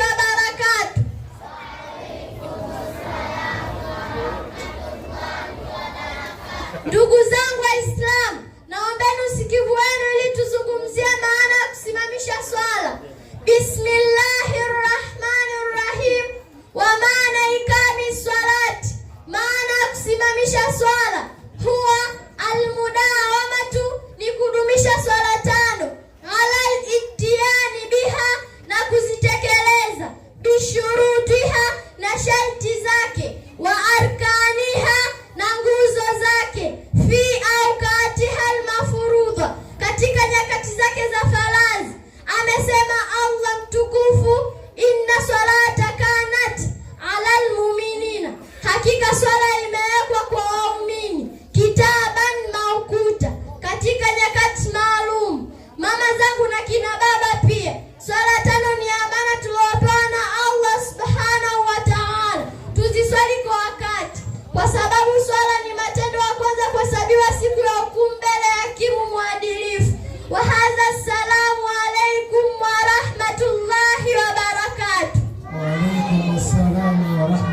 Wabarakatuh. Ndugu zangu Waislamu, naombeni usikivu wenu ili tuzungumzie maana ya kusimamisha swala. Bismillahi rahmani rahim, wa maana ikami swalati, maana ya kusimamisha swala Hakika swala imewekwa kwa waumini kitaban maukuta, katika nyakati maalum. Mama zangu na kina baba pia, swala tano ni amana tuliopewa na Allah subhanahu wa ta'ala, tuziswali kwa wakati, kwa sababu swala ni